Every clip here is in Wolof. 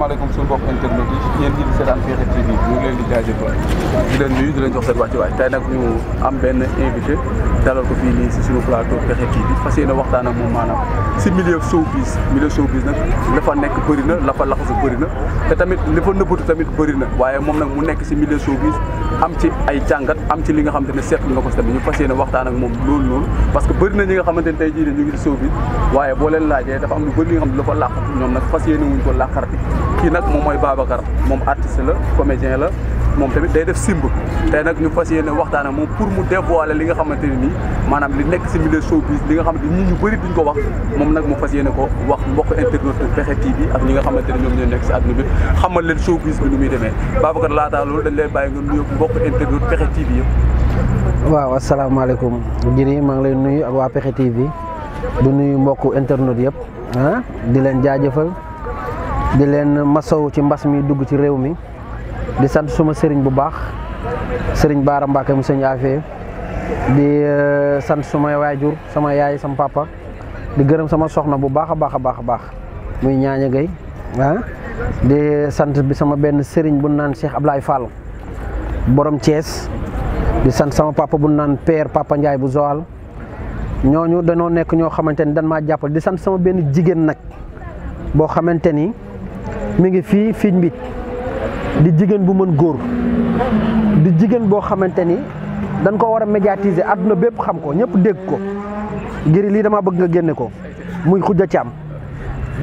maaleykum suñu mbokk internet yi yéen ñi di seetaan Fekhe TV ñu ngi leen di jaajëfal di leen si suñu plateau Fekhe TV fas yéene moom maanaam si milieu showbiz milieu showbiz nag la fa nekk bëri na la fa laxasu bëri na te tamit li fa nëbbatu tamit bëri na waaye moom nag mu nekk si milieu showbiz am ci ay jàngat am ci li nga xamante ne seetlu na ko si tamit ñu fas yéene waxtaan ak moom loolu loolu parce que bëri na ñi nga xamante ne tey jii ne ñu ngi si showbiz waaye boo leen laajee dafa am lu bëri li nga xam ne la fa làqatu ñoom nag fas yéene wuñ ko làqarti kii nag moom mooy Babacar moom artiste la comédien la moom tamit day def simb tey nag ñu fas yéene waxtaan ak moom pour mu dévoiler li nga xamante ne nii maanaam li nekk si milieu showbiz li nga xamante ni ñu bëri duñ ko wax moom nag mu fas yéene ko wax mbokk internet Pexxe TV ak ñi nga xamante ne ñoom ñoo nekk si àdduna bi xamal leen showbiz bi nu muy demee Babacar laataa loolu dañ lay bàyyi nga nuyu mbokk internet Pexxe TV yëpp. waaw asalaamaaleykum Jiri maa ngi lay nuyu ak waa Pexxe TV du nuyu mbokk internet yëpp ah, di leen jaajëfal. di leen masaw ci mbas mi dugg ci réew mi di sant suma sëriñ bu baax sëriñ Baara Mbacke mu sëñ Afee di euh, sant suma waajur sama yaay sama papa di gërëm sama soxna bu baax a baax a baax a baax muy ñaaña gay ah di sant bi sama benn sëriñ bu naan Cheikh Ablaye Fall borom Thiès di sant sama papa bu naan père papa Ndiaye bu Joal ñooñu danoo nekk ñoo xamante ni dan maa jàppale di sant sama benn jigéen nag boo xamante ni. mi ngi fii fiñ mbit di jigéen bu mën góor di jigéen boo xamante ni dañ ko war a médiatiser àdduna bépp xam ko ñëpp dégg ko ngir lii dama bëgg nga génne ko muy xujja caam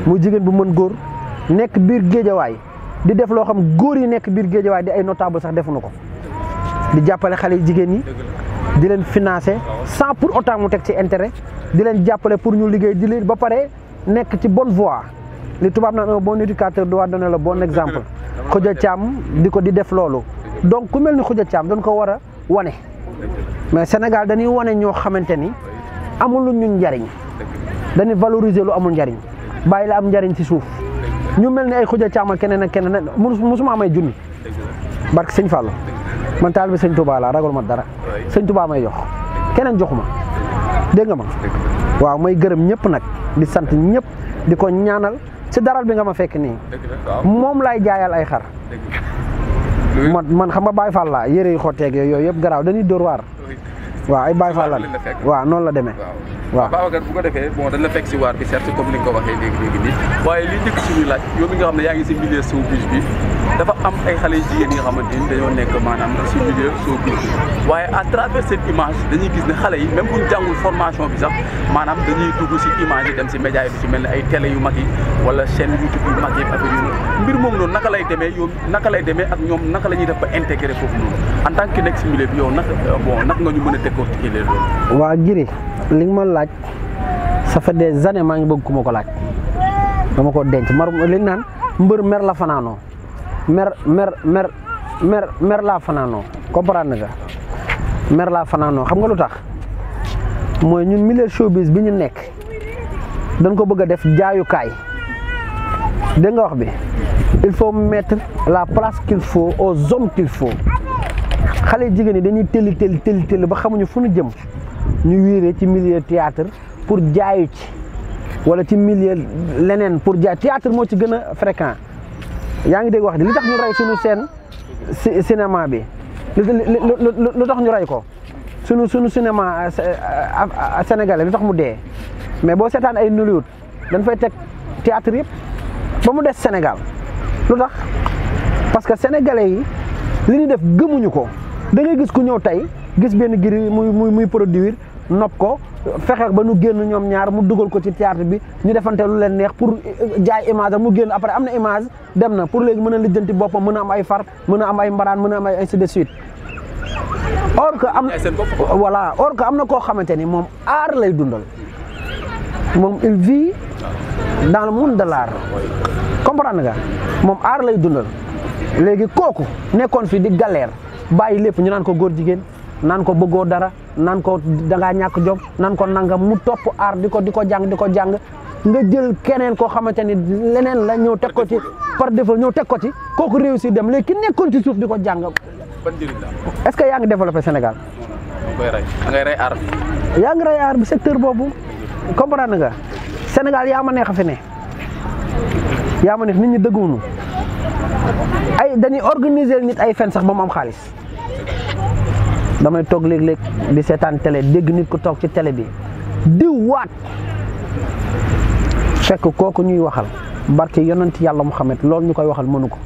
mu jigéen bu mën góor nekk biir géejawaay di def loo xam góor yi nekk biir géejawaay di ay notable sax defuñu ko di jàppale xale yi jigéen yi di leen financer sans pour autant mu teg ci intérêt di leen jàppale pour ñu liggéey di leen ba pare nekk ci bonne voie li tubaab naan un bon éducateur doit donner le bon exemple Khoudia Thiam di ko di def loolu donc ku mel ni Khoudia Thiam dañ ko war a wane mais Sénégal dañuy wane ñoo xamante ni amul lu ñun njariñ dañuy valoriser lu amul njariñ bàyyi la am njariñ ci suuf ñu mel ni ay Khoudia Thiam ak keneen ak keneen musuma am ay junni barke sëñ Fallou man taal bi sëñ Touba laa ragal ma dara sëñ Touba may jox keneen joxuma dégg nga ma waaw may gërëm ñëpp nag di sant ñëpp di ko ñaanal si daral bi nga ma fekk nii. moom laay jaayal ay xar. man man xam nga Baye yére yu xotteeg yooyu yëpp garaaw dañuy dóor waar. waaw ay Baye Fall la waaw noonu la demee waaw Babacar bu ko defee bon dañ fekk si waar bi certes comme ni nga ko waxee léegi léegi nii waaye li njëkk suñu laaj yow nga xam ne yaa ngi si milieu showbiz bi dafa am ay xale jigéen yi nga xamante ni dañoo nekk maanaam si milieu showbiz bi dañuy gis ne xale yi même buñ jàngul formation bi sax maanaam dañuy dugg si image yi dem si média yi ci mel ni ay télé yu mag yi wala chaîne YouTube yu mag yi affaire yu mbir moom noonu naka lay demee yow naka lay demee ak ñoom naka la ñuy def ba foofu noonu en tant que nekk si milieu bi yow naka compliqué waa Giri li nga ma laaj ça des années maa ngi bëgg ku ma ko laaj dama ko denc mar li naan mbër mer la fanaanoo mer mer mer laa fanaanoo comprendre nga mer laa fanaanoo xam nga lu tax mooy ñun milieu showbiz bi ñu nekk dañ ko bëgg a def jaayukaay dégg nga wax bi il faut mettre la place qu'il faut aux hommes qu'il faut xale yi jigéen ñi dañuy tëlli tëlli tëlli ba xamuñu fu ñu jëm ñu wiiree ci milieu théâtre pour jaayu ci wala ci milieu leneen pour jaay théâtre moo ci gën a fréquent yaa ngi dégg wax di li tax ñu rey suñu seen cinéma bi lu tax ñu rey ko suñu suñu cinéma euh, euh, euh, sénégalais lu tax mu dee mais boo seetaan ay Nollywood dañ fay teg théâtre yëpp ba mu des Sénégal lu tax parce que sénégalais yi li ñuy def gëmuñu ko dangay gis ku ñëw tey gis benn giri muy muy muy produire nopp ko fexe ba nu génn ñoom ñaar mu dugal ko ci théâtre bi ñu defante lu leen neex pour euh, jaay image am mu génn après am na image dem na pour léegi mën a lijjanti boppam mën a am ay far mën a am ay mbaraan mën a am ay ainsi de suite or que am voilà or que am na koo xamante ni moom aar lay dundal moom il vit dans le monde de nga moom aar lay dundal léegi kooku nekkoon fi di galère bàyyi lépp ñu naan ko góor jigéen naan ko bëggoo dara naan ko dangaa ñàkk jom naan ko nangam mu topp aar di ko di ko jàng di ko jàng nga jël keneen koo xamante ni leneen la ñëw teg ko ci par défaut ñëw teg ko ci kooku réussir dem léegi ki nekkoon ci suuf di ko jàng. est-ce que yaa ngi développé Sénégal. ngay rey bi. yaa ngi rey aar bi secteur boobu comprendre nga Sénégal yaa ma neex a fi ne yaa ma neex nit ñi dëggumu ay dañuy organiser nit ay fen sax ba mu am xaalis damay toog léeg-léeg di seetaan tele dégg nit ku toog ci tele bi di waat fekk kooku ñuy waxal barke yonent yàlla Muhammad loolu ñu koy waxal mënu ko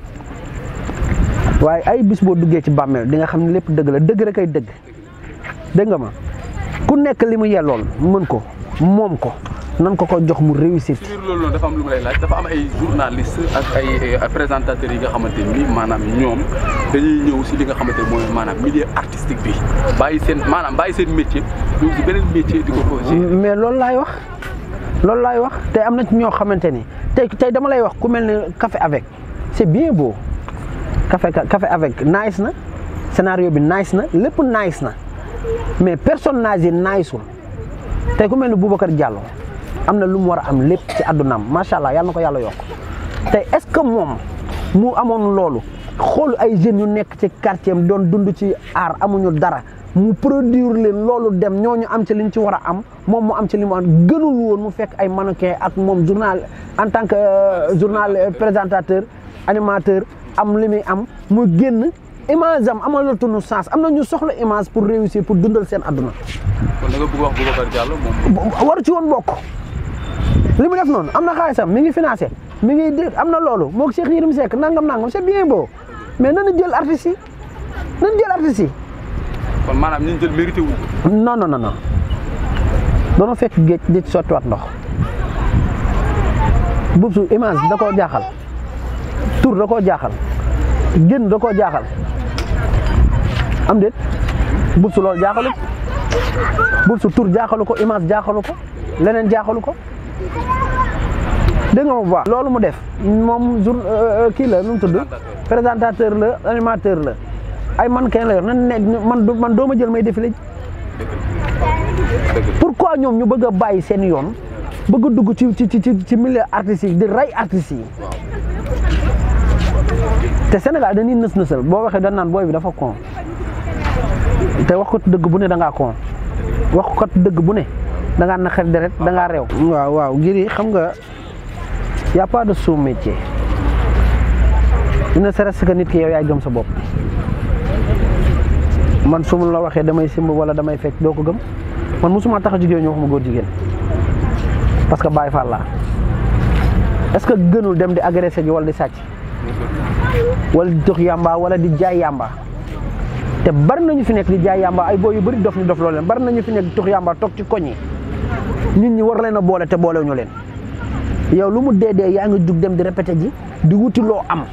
waaye ay bis boo duggee ci bàmmeel di nga xam ne lépp dëgg la dëgg rek ay dëgg dégg nga ma ku nekk li mu yellool mën ko moom ko nan ko ko jox mu réussir. ci biir loolu dafa am lu may laaj dafa am ay journaliste ay présentateurs yi nga xamante ni maanaam ñoom dañuy ñëw si li nga xamante mooy maanaam milieu artistique bi bàyyi seen maanaam bay seen métier ñëw di ko projet. mais loolu laay wax loolu laay wax te am na ñoo xamante ni tey tey dama lay wax ku mel ne café avec c'est bien boo café café avec nice na scénario bi nice na lépp nice na mais personnage yi nice wul tey ku mel ne Boubacar Diallo. am na lu mu war a am lépp ci àddunaam macha allah yàlla na ko yàlla yokk te est-ce que moom mu amoon loolu xool ay jeunes yu nekk ci quartier am doon dund ci aar amuñu dara mu produire leen loolu dem ñu am ci liñ ci war a am moom mu am ci li mu woon mu fekk ay mannequin ak moom journal en tant que euh, journal euh, présentateur animateur am li muy am mu génn image am amalatuñu sens am na ñu soxla image pour réussir pour dundal seen àdduna. kon da li mu def noon am na xaalisam mi ngi financé mi ngi di am na loolu moog Cheikh Yérim Seck nangam nangam se bien beau mais nanu jël artistes yi jël artistes yi. kon maanaam ñu jël mérité wu non fekk géej di wat ndox bubsu image da koo jaaxal tur da koo jaaxal génn da koo jaaxal am déet bubsu loolu jaaxalu bubsu tur jaaxalu ko image jaaxalu ko leneen jaaxalu ko. dégg nga ma bu baax loolu mu def moom jour euh, euh, kii la nu mu tudd présentateur la animateur la ay man ken la yor ne man man doo ma jël may pour pourquoi ñoom ñu bëgg a bàyyi seen yoon bëgg dugg ci ci ci ci milieu artistes yi di rey artistes yi te Sénégal dañuy nës nësal boo waxee dañ naan booy bi dafa con te wax ko dëgg bu ne da ngaa wax ko dëgg bu ne da ngaa deret da ngaa waaw waaw ngir nga. y a pas de sous-métier ne serait-ce que nit ki yow yaay gëm sa bopp man su la waxee damay simb wala damay fecc doo ko gëm man mosuma tax a jigéen ñu wax ma góor jigéen parce que Baay Faal laa est-ce que gënul dem di agressé ji wala di sàcc wala di tox yàmba wala di jaay yàmba te bari nañu fi nekk di jaay yàmba ay boo yu bari dof ñu dof loolu leen bari nañu fi nekk di tox yàmba toog ci koñ yi nit ñu war leen a boole te boolewuñu leen yow lu mu dee dee yaa nga jug dem di répété ji di wuti loo am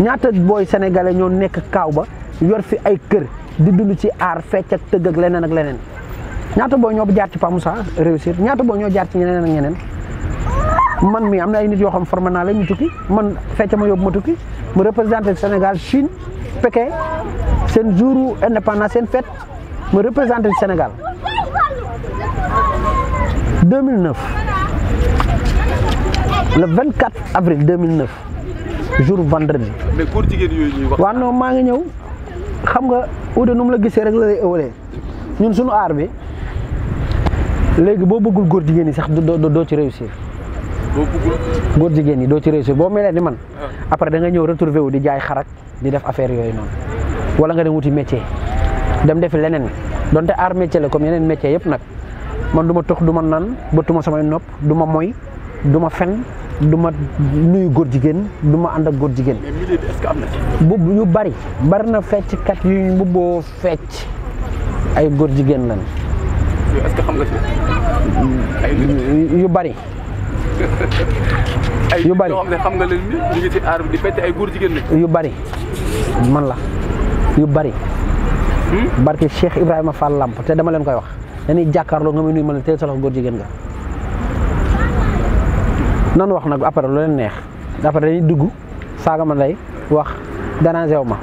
ñaata booy sénégalais ñoo nekk kaaw ba yor fi ay kër di dund ci aar fecc ak tëgg ak leneen ak leneen ñaata booy ñoo jaar ci Pa Moussa réussir ñaata booy ñoo jaar ci ñeneen ak ñeneen man mii am na ay nit yoo xam formé naa la ñu tukki man fecc ma yóbbu ma tukki mu représenté Sénégal Chine Pékin seen jouru indépendance seen fête mu représenté Sénégal 2009. le 24 avril 2009 jour vendredi. mais góor jigéen yooyu ñuy wax. maa ngi ñëw xam nga Oudé nu mu la gisee rek la lay ëwalee ñun sunu aar bi léegi boo bëggul góor jigéen yi sax doo doo ci réussir. boo jigéen yi doo ci réussir boo melee ni man. Ah. après da nga ñëw retrouvé wu di jaay xarak di def affaire yooyu noonu wala nga dem wuti métier dem defi leneen donte aar métier la comme yeneen métier yëpp nag man du ma tox du ma naan bëttuma samay nopp du ma moy du ma fen du nuyu góor jigéen du ma ànd ak góor jigéen. est yu bari bari na fecckat yu ñu mbubboo fecc ay góor jigéen lañ. est xam nga yu bari. yu bari ay xam yu bari man la yu bari. Hmm? barke Cheikh a Fall Lamp te dama leen koy wax dañuy jàkkaarloo nga muy nuyu ma leen teel sa loxo góor jigéen nga. nan wax nag après lu leen neex après dañuy dugg saaga ma ndey wax déranger wu ma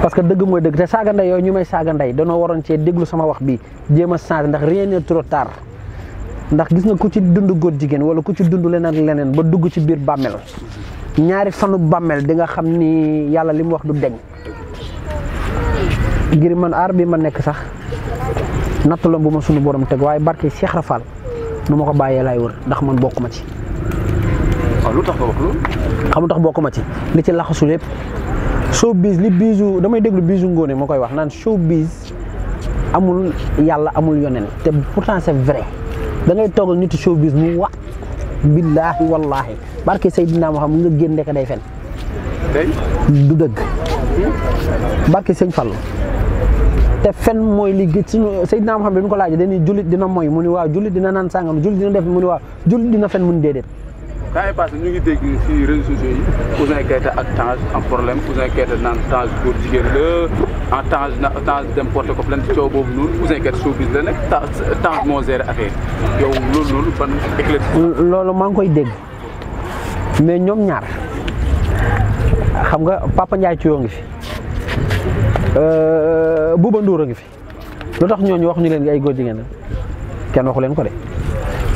parce que dëgg mooy dëgg te saaga ndey yooyu ñu may saaga ndey danoo waroon cee déglu sama wax bi jéem a changé ndax rien n'est trop ndax gis nga ku ci dund góor jigéen wala ku ci dund leneen leneen ba dugg ci biir bàmmeel ñaari fanu bàmmeel di nga xam ni yàlla li mu wax du deñ ngir man aar bi ma nekk sax nattu la bu ma sunu borom teg waaye barke Cheikh Rafal nu ma ko bàyyee laay wër ndax man bokk ma ci lu tax nga wax loolu. xam tax bokk ma ci li ci laxasu lépp showbiz li bisu damay déglu bisu ngóone moo koy wax naan showbiz amul yàlla amul yoneen te pourtant c'est vrai da ngay toogal nit showbiz mu wax billaahi wallaahi barke Seydina Muhammad nga génn ndeke day fen du dëgg barke sëñ Fall te mooy li gëj suñu Seydina Muhammad bi mu ko laajee dañuy jullit dina moy mu ni waaw jullit dina naan sàngam jullit dina def mu ni waaw jullit dina fen mu ni déedéet temps yi passé ñu ngi dégg ci réseaux sociaux yi Ouzin Keita ak Tange am problème Ouzin Keita naan Tange góor jigéen la en ah Tange na Tange dem porté ko plainte coow boobu noonu Ouzin Keita showbiz la nekk Tange moo géré affaire yow loolu loolu ban éclat. maa ngi koy dégg mais ñoom ñaar xam nga Papa ci Thio ngi fi euh, Bouba Ndour a ngi fi lu tax ñooñu wax ñu leen ay góor jigéen la kenn waxu leen ko de.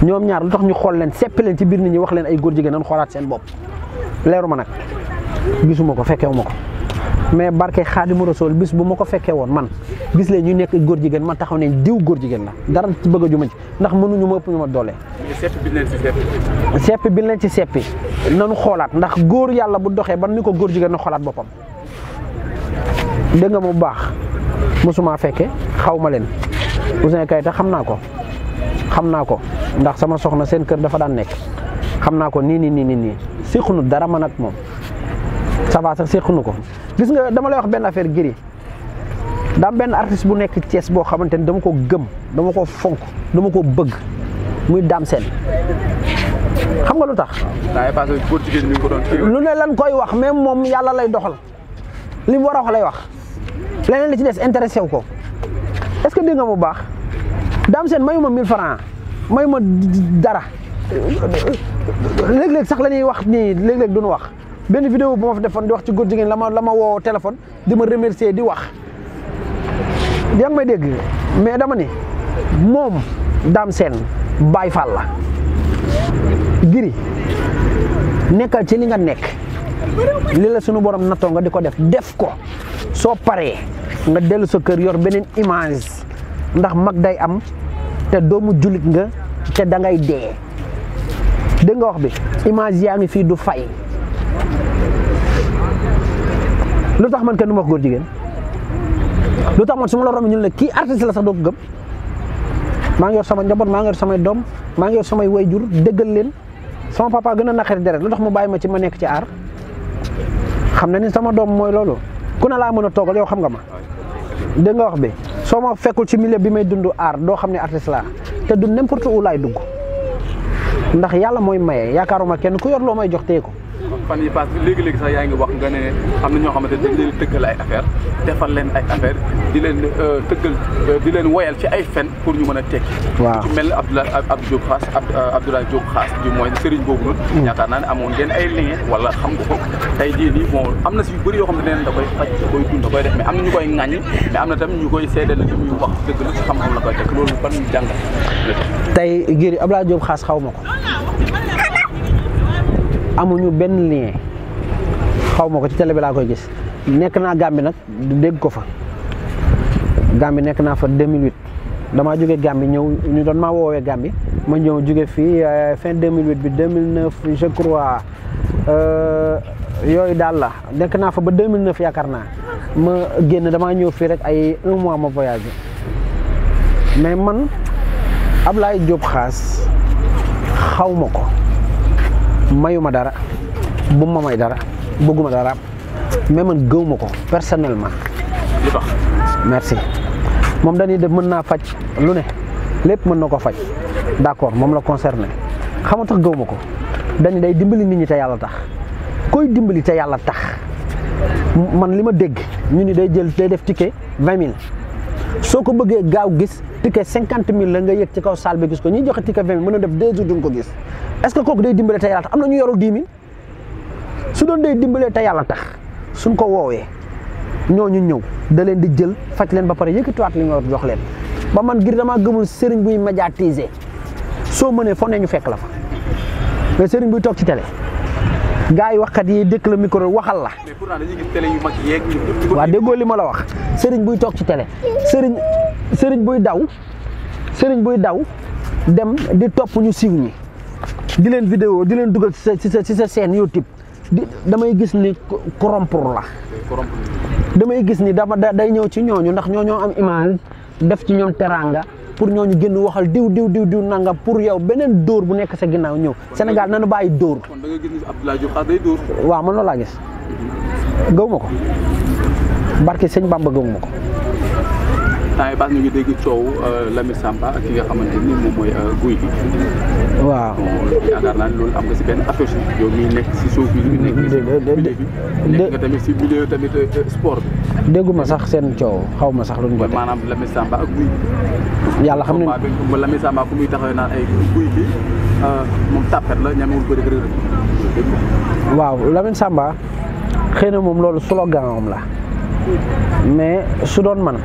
ñoom ñaar lu tax ñu xool leen sepp leen ci biir nit ñi wax leen ay góor jigéen nañ xoolaat seen bopp leeru ma nag gisuma ko fekkewu ma ko mais barke xaadimu rasool bis bu ma ko fekkee woon man gis leen ñu nekk góor jigéen ma taxaw ne diw góor jigéen la dara ci bëgg a ci ndax mënuñu ma ëpp ñu ma doole. sepp bi leen ci seppi. sepp bi leen ci seppi nanu xoolaat ndax góor yàlla bu doxee ban ni ko góor jigéen na xoolaat boppam dégg nga mu baax mosuma fekke xaw ma leen Ouzin Keita xam naa ko. xam naa ko ndax sama soxna seen kër dafa daan nekk xam naa ko nii nii nii nii nii séqunu dara man ak moom ça sax séqunu ko gis nga dama lay wax benn affaire giri daam benn artiste bu nekk Thiès boo xamante ni dama ko gëm dama ko fonk dama ko bëgg muy daam seen xam nga lu tax lu ne lan koy wax même moom yàlla lay doxal li mu war a wax lay wax leneen li ci des intéressé wu ko est-ce que dégg nga bu baax daam seen mayu ma 1000 francs mayu ma dara léeg-léeg sax lañuy wax nii léeg-léeg duñu wax benn vidéo bu ma fa defoon di wax ci góor jigéen la ma la ma téléphone di ma remercier di wax yaa ngi may dégg mais dama ni moom daam seen Baay Faal la giri nekkal ci li nga nekk li la sunu borom nattoo nga di ko def def ko soo paree nga dellu sa kër yor beneen image ndax mag day am te doomu jullit nga te dangay ngay dee dégg nga wax bi image yaa ngi fii du fay lu tax man kenn du ma wax góor jigéen lu tax man suma ma la romb ñun la kii artiste la sax doo ko gëm maa ngi yor sama njaboot maa ngi yor samay doom maa ngi yor samay jur dëggal leen sama papa gën a naqari deret lu tax mu bàyyi ma ci ma nekk ci aar xam na ni sama doom mooy loolu ku ne laa mën a toogal yow xam nga ma. dégg nga wax bi soo ma fekkul ci milieu bi may dundu aar doo xam ne artiste la te du n'importe où laay dugg ndax yàlla mooy maye yaakaaruma kenn ku yor loo may jox tee ko fan yi passé léegi-léegi sax yaa ngi wax nga ne am na ñoo xamante ne leen tëggal ay affaire defal leen ay affaire di leen euh, tëggal euh, di leen woyal ci ay fen pour ñu mën a tekki waaw ci mel Abdoulaye Abdou Diop Xaas euh, Abdoulaye Diop Xaas du mooy sëriñ boobu noonu mm. yaakaar naa ne amoon ngeen ay lien wala xam nga ko tey jii nii bon am na si bëri yoo xam ne neen da da koy dund da koy def am na ñu koy ŋàññi mais am na tam ñu koy seedal li muy wax dëgg la xam-xam la koy teg loolu ban jàngat tey Giri Abdoulaye Diop Xaas xaw ma ko amuñu benn lien xaw ma ko ci tele bi laa koy gis nekk naa Gambie nag dégg ko fa Gambie nekk naa fa 2008 damaa jóge Gambie ñëw ñu doon maa woowee Gambie ma ñëw jóge fii euh, fin 2008 bi 2009 je crois euh, yooyu daal la nekk naa fa ba 2009 yaakaar naa ma génn damaa ñëw fii rek ay un mois ma voyagé mais man Ablaye Diop Khass xaw ma ko. mayuma dara bu ma may dara bëgguma dara mais man gëw ma ko personnellement. li tax merci moom dañuy def mën naa faj lu ne lépp mën na ko faj d'accord moom la xam xamu tax gëw ma ko dañu day dimbali nit ñi te yàlla tax koy dimbali te yàlla tax man li ma dégg ñu ni day jël day def ticket vingt soo ko bëggee gaaw gis ticket cinquante mille la nga yëg ci kaw saal bi gis ko ñuy joxe ticket vingt mille mën a def deux jours duñ ko gis est-ce que day dimbale te yàlla tax am na ñu yorul dix su doon day dimbalee te yàlla tax suñ ko woowee ñoo ñu ñëw da leen di jël faj leen ba pare yëkkatiwaat li nga war jox leen ba man ngir damaa gëmul sëriñ buy médiatiser soo mënee foo ne ñu fekk la fa mais sëriñ buy toog ci télé. gars yi waxkat yi dëkk la micro waxal la. waa déggoo li ma la wax sëriñ buy toog ci tele sëriñ sëriñ buy daw sëriñ buy daw dem di topp ñu siiw ñi di leen vidéo di leen dugal ci sa ci sa chaîne YouTube di damay gis ni corrompre la. damay gis ni dama day ñëw ci ñooñu ndax ñoo ñoo am image def ci ñoom teraanga. pour ñoo ñu génn waxal diw diw diw diw nangam pour yow beneen dóor bu nekk sa ginnaaw ñëw senegal na nu bàyyi dóor waaw man loolu laa gis gëw ma ko barke sëñ Bamba gëw ma ko temps yi baax ñu ngi dégg coow euh, Lamine Samba ak ki nga xamante ni mooy euh, guy waaw yaakaar naa ne loolu am nga si benn affaire yow miy nekk si suuf bi. nekk nga tamit si milieu tamit euh, sport dégguma sax seen coow xaw ma sax lu ñu jotee. maanaam Lamine Samba ak guy yàlla xam nañu ne Lamine Samba ku muy taxawee naan ay guy bi moom tàppet la ñamewul bëri bëri la. waaw Lamine Samba xëy na moom loolu slogan am la mais su doon man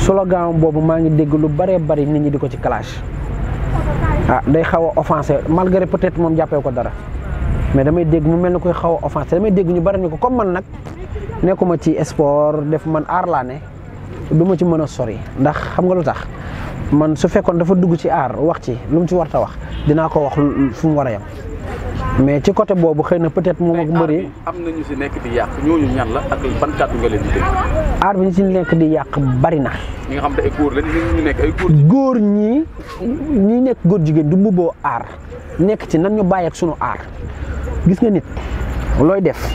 slogan boobu maa ngi dégg lu bëree bari nit ñi di ko ci clash ah day xaw a offensé malgré peut-être moom jàppee ko dara mais damay dégg mu mel ni koy xaw a offensé damay dégg ñu bëri ni ko comme man nag nekkuma ci sport def man aar laa du ma ci mën a sori ndax xam nga lu tax man su fekkoon dafa dugg ci aar wax ci lu mu ci warta wax dinaa ko wax fu mu war a yem mais ci côté boobu xëy na peut-être moom ak mbër am na ñu si nekk di yàq ñan la ak ban aar bi ñu si nekk di yàq bari na. xam ne ay góor nekk góor. ñi ñi nekk góor jigéen du mbubboo aar nekk ci nan ñu bàyyi ak sunu aar gis nga nit looy def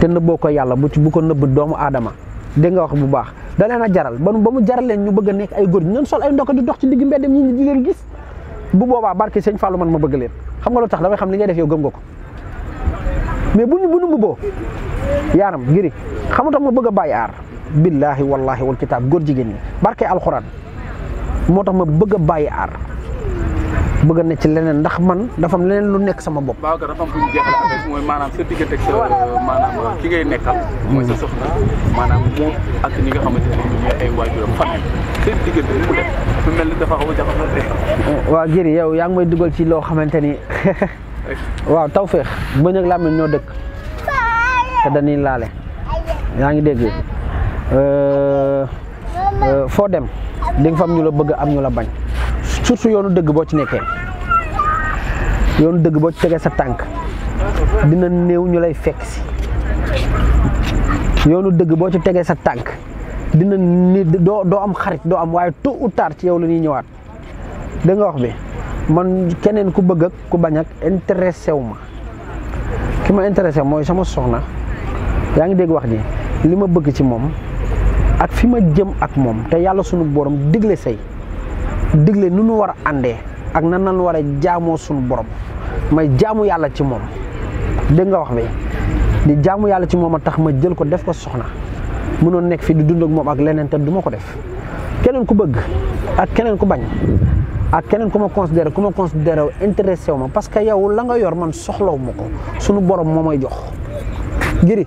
te nëbboo ko yàlla bu ci bu ko nëbb doomu aadama dégg wax bu baax. da a jaral ba mu jaral leen ñu bëgg nekk ay góor ñun sol ay ndokk di dox ci digg mbedd ñi di leen gis bu boobaa barke sëñ Fallou man ma bëgg leen xam nga lu tax damay xam li ngay def yow gëm nga ko mais bu ñu bu ñu mbubboo yaaram giri xam nga ma bëgg a bàyyi aar billaahi wallaahi wal kitaab góor jigéen ñi barke alxuraan moo tax ma bëgg a bàyyi aar. bëgg na ci leneen ndax man dafa am leneen lu nekk sama bopp. ak euh, maanaam euh, ki ngay nekkal. mooy sa soxna maanaam nga xamante ne ñoom ñooy waaw Giri yow yaa ngi may dugal ci loo xamante ni waaw tawféex bëñ ak làmmiñ ñoo dëkk dañuy laale yaa ngi dégg euh, foo dem di fa am ñu la bëgg am ñu la bañ. surtout yoonu dëgg boo ci nekkee yoonu dëgg boo ci tegee sa tànk dina néew ñu lay fekk si yoonu dëgg boo ci tegee sa tànk dina ni doo doo am xarit doo am waaye tôt ou tard ci yow la ñuy ñëwaat da nga wax bi man keneen ku bëgg ak ku bañ ak intéressé wu ma ki ma intéressé mooy sama soxna yaa ngi dégg wax ji li ma bëgg ci moom ak fi ma jëm ak moom te yàlla sunu borom digle say digle nu nu war a àndee ak nan nan war a jaamoo suñu borom may jaamu yàlla ci moom dégg nga wax bi di jaamu yàlla ci moom a tax ma jël ko def ko soxna mënoon nekk fii di dund ak moom ak leneen te du ma ko def keneen ku bëgg ak keneen ku bañ ak keneen ku ma considéré ku ma considéré wu intéressé wu ma parce que yow la nga yor man soxlawu ma ko sunu borom moo may jox giri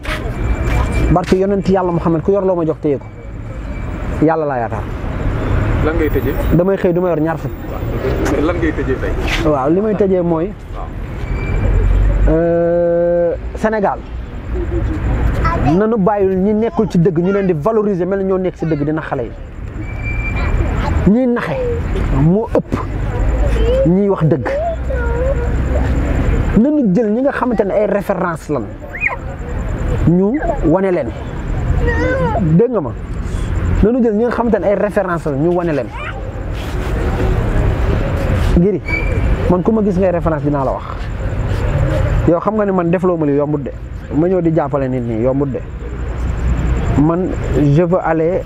barke yonent yàlla Muhammad ku yor loo ma jox téye ko yàlla laa yaakaar lan ngay tëjee. damay xëy du ma yor ñaar waaw li may tëjee mooy. Euh, Sénégal nanu bàyyil ñi nekkul ci dëgg ñu leen di valorisé mel ni ñoo nekk ci dëgg dina xale yi ñiy naxe moo ëpp ñiy wax dëgg nanu jël ñi nga xamante ne ay référence lan ñu wane leen dégg ma. loolu jël ñi nga xamante ne ay référence la ñu wane leen ngiri man ku ma gis ngay référence dinaa la wax yow xam nga ne man defloo ma li yombut de ma ñëw di jàppale nit ñi yombut de man je veux aller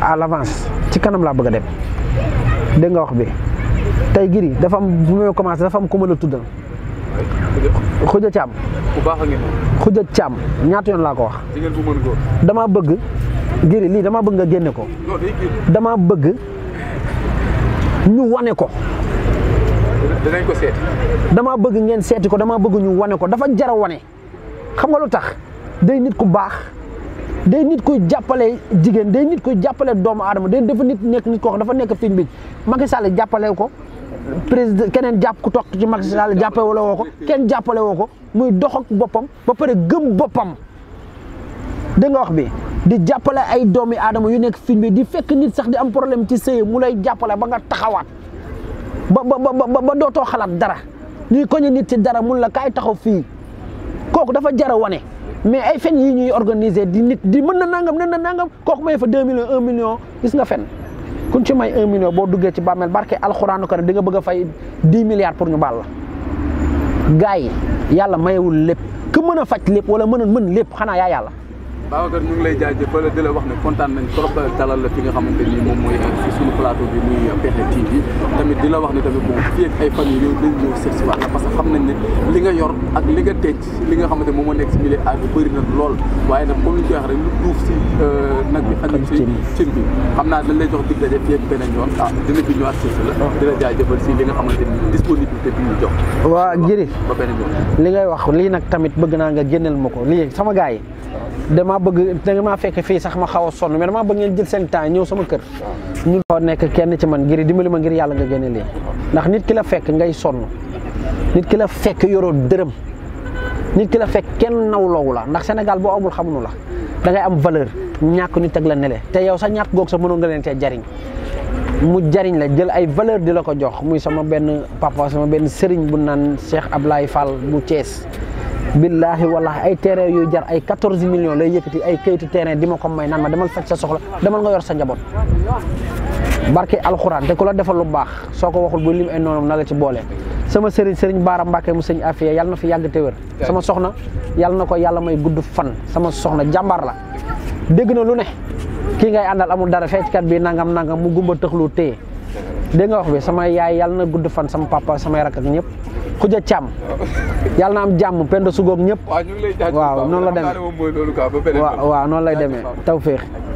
à l'avance ci kanam laa bëgg a dem dégg nga wax bi tey giri dafa am bu may commencé dafa am ku ma la tuddal xuja caam xuja caam ñaata yoon laa ko wax dama bëgg Giri lii dama bëgg nga génne ko dama bëgg ñu wane ko dinañ ko seeti dama bëgg ngeen seeti ko dama bëgg ñu wane ko dafa jara wane xam nga lu tax day nit ku baax day nit kuy jàppale jigéen day nit ku jàppale doomu aadama day dafa nit nekk nit ko dafa nekk fiñ bi Macky Sall jàppale ko président keneen jàpp ku toog ci Macky Sall jàppale ko kenn jàppale woo ko muy dox boppam ba pare gëm boppam dégg wax bi di jàppale ay doomi aadama yu nekk film bi di fekk nit sax di am problème ci sëy mu lay jàppale ba nga taxawaat ba ba ba dootoo xalaat dara ñuy koñe nit ci dara mun la kaay taxaw fii kooku dafa jara wane mais ay fen yi ñuy organiser di nit di mën na nangam mën na nangam kooku may fa deux millions un million gis nga fen kun ci may un million boo duggee ci bàmmeel barke alxuraanu karim di nga bëgg a fay dix milliards pour ñu baal la gars yàlla mayewul lépp ku mën a faj lépp wala mën mën lépp xanaa yaa yàlla Babacar ñu ngi lay jaajëfal di la wax ne kontaan nañ trop dalal la fi nga xamante ni moom mooy ci euh, suñu plateau bi muy Pexxe TV tamit di la wax ne tamit bu fii ak ay famille parce que xam nañ ne li nga yor ak li li nga xamante moom moo nekk si lool waaye nag rek lu euh, nag bi andi si cin bi xam naa dañ lay jox dig daje yoon ah dina fi ñëwaat seet si la di la jaajëfal si nga jox waa jërëjëf ba beneen ngay wax lii nag tamit bëgg naa nga génneel ma ko lii sama gars yi damaa bëgg da nga maa fekk fii sax ma xaw a sonn mais damaa bëgg ngeen jël seen temps ñëw sama kër ñu ko nekk kenn ci man ngir dimbali ma ngir yàlla nga génne lii ndax nit ki la fekk ngay sonn nit ki la fekk yoroo dërëm nit ki la fekk kenn nawloowu la ndax Sénégal boo amul xamuñu la da ngay am valeur ñàkk ñu teg la nele te yow sa ñàkk goog sax mënoon nga leen cee jariñ mu jariñ la jël ay valeur di la ko jox muy sama benn papa sama benn sëriñ bu naan Cheikh Ablaye Fall bu Thiès billaahi wallaahi ay terrain yooyu jar ay quatorze million lay yëkkati ay kayitu terrain di ma ko may naan ma demal faj sa soxla demal nga yor sa njaboot barke alxuraan te ku la defal lu baax soo ko waxul bu lim ay noonam na la ci boole sama sëriñ sëriñ Baara Mbàkke mu sëñ Afiya yàlla na fi yàgg te wér sama soxna yàlla na ko yàlla may gudd fan sama soxna jàmbaar la dégg na lu ne kii ngay àndal amul dara fecckat bi nangam nangam mu gumba tëxlu téye dégg nga wax bi sama yaay yàlla na gudd fan sama papa sama rakk ak ñëpp ku ja càmm yàlla na am jàmm pend sugoog ñëpp waaw noonu la demee waaw noonu lay demee tawféex